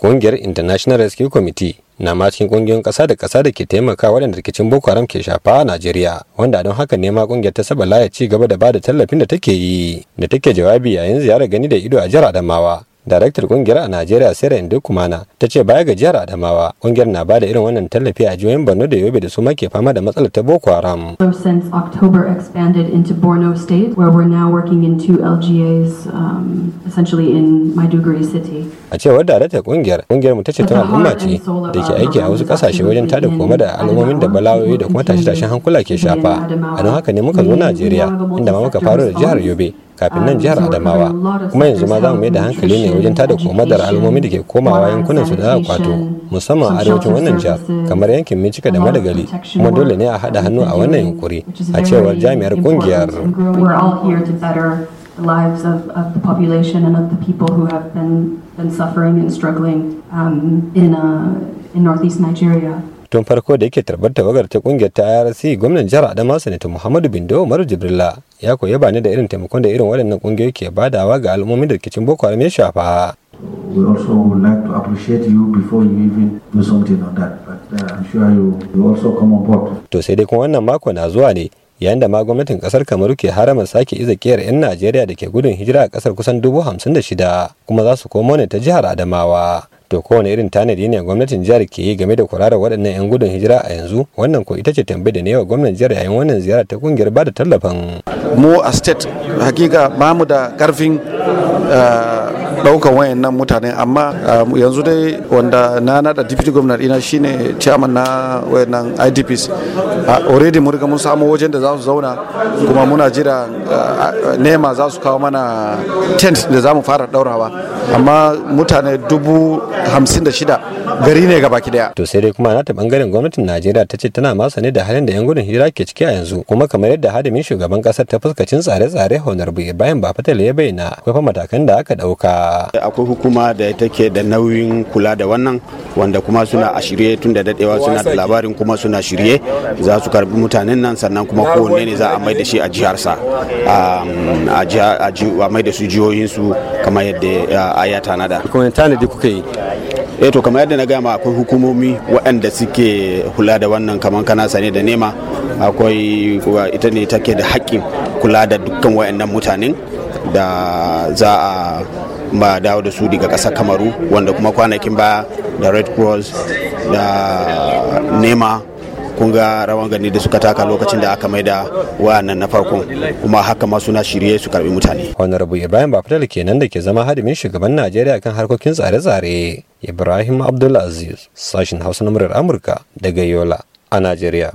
Ƙungiyar International Rescue Committee na ma cikin ƙungiyoyin ƙasa da ƙasa da ke taimaka waɗanda rikicin Boko Haram ke shafa a Najeriya, wanda don haka ne ma ƙungiyar ta saba laya ci gaba da ba tallafin da take yi, da take jawabi yayin ziyara gani da ido a jihar Adamawa, daraktar kungiyar a najeriya sera inde kumana ta ce baya ga jihar adamawa kungiyar na bada irin wannan tallafi a jihohin borno da yobe da su ma ke fama da matsalar ta boko haram um, a cewar daraktar kungiyar kungiyar mu ta ce ta al'umma ce da ke aiki a wasu kasashe wajen tada koma da al'ummomin da balawoyi da kuma tashe-tashen hankula ke shafa a don haka ne muka zo najeriya inda ma muka faro da jihar yobe kafin nan jihar adamawa kuma yanzu ma za mu mai da hankali ne wajen tada komadar al'ummomi da ke komawa yankunan su da aka kwato musamman a arewacin wannan jihar kamar yankin mincika da madagali kuma dole ne a haɗa hannu a wannan yunkuri a cewar jami'ar kungiyar lives of, of the population and of the people who have been, been suffering and struggling um, in, uh, in northeast Nigeria. tun farko da yake tarbar tabagar ta kungiyar ta IRC gwamnan jihar Adamawa Sanata Muhammadu Bindo Umaru Jibrilla ya koyi ba ne da irin taimakon da irin waɗannan kungiyoyi ke badawa ga al'ummomin da rikicin Boko Haram ya shafa. We to sai dai kuma wannan mako na zuwa ne yayin da ma gwamnatin kasar kamaru ke haramar sake iza kiyar 'yan najeriya da ke gudun hijira a kasar kusan dubu hamsin da shida kuma za su komo ne ta jihar adamawa to kowane irin tanadi ne gwamnatin jihar ke yi game da kularar waɗannan 'yan gudun hijira a yanzu wannan ko ita ce tambayi da ne wa gwamnan jihar yayin wannan ziyara ta kungiyar ba da tallafin mu a state hakika ba mu da karfin eh, daukan wayannan mutane amma um, yanzu dai wanda na nada deputy governor ina shine chairman na wayannan idps already mun riga mun samu wajen da za su zauna kuma muna jira uh, uh, nema za su kawo mana tent da za mu fara daurawa amma mutane dubu hamsin da shida gari ne gaba ki daya. To sai dai kuma nata bangaren gwamnatin Najeriya ta ce tana masa ne da halin da 'yan gudun hira ke ciki a yanzu kuma kamar yadda hadimin shugaban kasar ta fuskacin tsare-tsare Honorable Ibrahim Bafatal ya bayyana akwai matakan da aka dauka. akwai hukuma da take da nauyin kula da wannan wanda kuma suna a shirye tun da dadewa suna da labarin kuma suna shirye za su karbi mutanen nan sannan kuma kowanne ne za a mai da shi a jiharsa a mai da su jihohinsu kamar yadda a ya tanada kuma tanadi kuka yi eh, to kamar yadda na gama akwai hukumomi waɗanda suke kula da wannan kamar kana sane da nema akwai ita ne take da haƙƙin kula da dukkan waɗannan mutanen da za a ba dawo da su daga kasar kamaru wanda kuma kwanakin ba da red cross da nema kun ga rawan gani da suka taka lokacin da aka mai da wa'annan na farko kuma haka ma suna shirye su karbi mutane. honorable ibrahim bafdal kenan da ke zama hadimin shugaban najeriya kan harkokin tsare-tsare ibrahim abdulaziz sashin hausa na murar amurka daga yola a najeriya